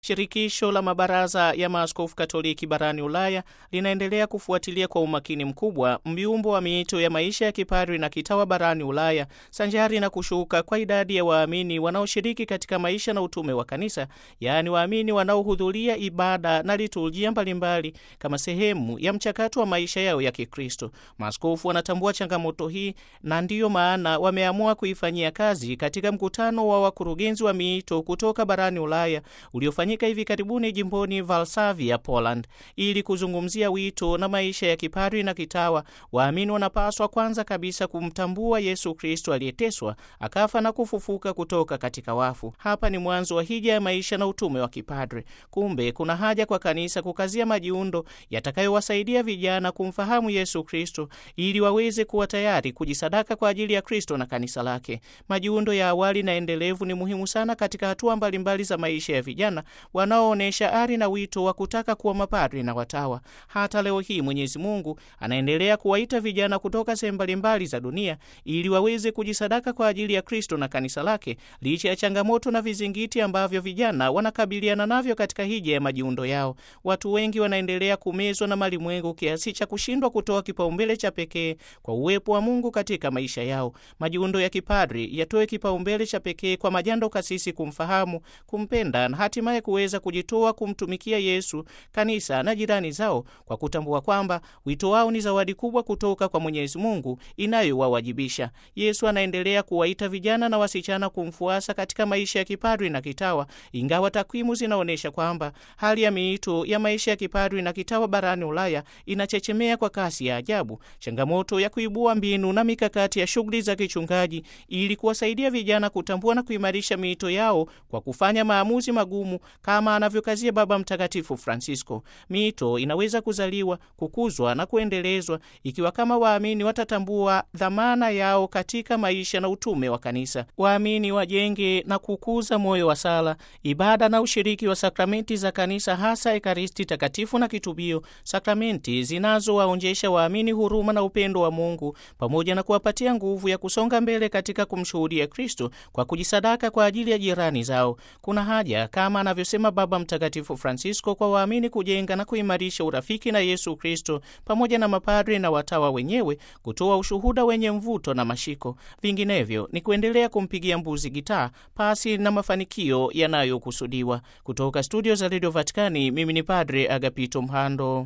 Shirikisho la mabaraza ya maaskofu Katoliki barani Ulaya linaendelea kufuatilia kwa umakini mkubwa mbiumbo wa miito ya maisha ya kipadri na kitawa barani Ulaya sanjari na kushuka kwa idadi ya waamini wanaoshiriki katika maisha na utume wa Kanisa, yaani waamini wanaohudhuria ibada na liturujia mbalimbali kama sehemu ya mchakato wa maisha yao ya Kikristo. Maaskofu wanatambua changamoto hii na ndiyo maana wameamua kuifanyia kazi katika mkutano wa wakurugenzi wa miito kutoka barani Ulaya uliofanyika iliyofanyika hivi karibuni jimboni Valsavia, Poland, ili kuzungumzia wito na maisha ya kipadri na kitawa. Waamini wanapaswa kwanza kabisa kumtambua Yesu Kristo aliyeteswa, akafa na kufufuka kutoka katika wafu. Hapa ni mwanzo wa hija ya maisha na utume wa kipadri. Kumbe kuna haja kwa kanisa kukazia majiundo yatakayowasaidia vijana kumfahamu Yesu Kristo ili waweze kuwa tayari kujisadaka kwa ajili ya Kristo na kanisa lake. Majiundo ya awali na endelevu ni muhimu sana katika hatua mbalimbali za maisha ya vijana wanaoonyesha ari na wito wa kutaka kuwa mapadri na watawa. Hata leo hii Mwenyezi Mungu anaendelea kuwaita vijana kutoka sehemu mbalimbali za dunia ili waweze kujisadaka kwa ajili ya Kristo na kanisa lake, licha ya changamoto na vizingiti ambavyo vijana wanakabiliana navyo katika hija ya majiundo yao. Watu wengi wanaendelea kumezwa na malimwengu kiasi cha kushindwa kutoa kipaumbele cha pekee kwa uwepo wa Mungu katika maisha yao. Majiundo ya kipadri yatoe kipaumbele cha pekee kwa majando kasisi kumfahamu, kumpenda na hatimaye kuweza kujitoa kumtumikia Yesu, kanisa na jirani zao, kwa kutambua kwamba wito wao ni zawadi kubwa kutoka kwa Mwenyezi Mungu inayowawajibisha. Yesu anaendelea kuwaita vijana na wasichana kumfuasa katika maisha ya kipadri na kitawa, ingawa takwimu zinaonyesha kwamba hali ya miito ya maisha ya kipadri na kitawa barani Ulaya inachechemea kwa kasi ya ajabu. Changamoto ya kuibua mbinu na mikakati ya shughuli za kichungaji ili kuwasaidia vijana kutambua na kuimarisha miito yao kwa kufanya maamuzi magumu kama anavyokazia Baba Mtakatifu Francisco, mito inaweza kuzaliwa, kukuzwa na kuendelezwa ikiwa kama waamini watatambua dhamana yao katika maisha na utume wa Kanisa. Waamini wajenge na kukuza moyo wa sala, ibada na ushiriki wa sakramenti za Kanisa, hasa Ekaristi Takatifu na kitubio, sakramenti zinazowaonjesha waamini huruma na upendo wa Mungu pamoja na kuwapatia nguvu ya kusonga mbele katika kumshuhudia Kristo kwa kujisadaka kwa ajili ya jirani zao. Kuna haja kama anavyo amesema Baba Mtakatifu Francisco, kwa waamini kujenga na kuimarisha urafiki na Yesu Kristo pamoja na mapadri na watawa wenyewe kutoa ushuhuda wenye mvuto na mashiko. Vinginevyo ni kuendelea kumpigia mbuzi gitaa pasi na mafanikio yanayokusudiwa. Kutoka studio za redio vaticani mimi ni Padre Agapito Mhando.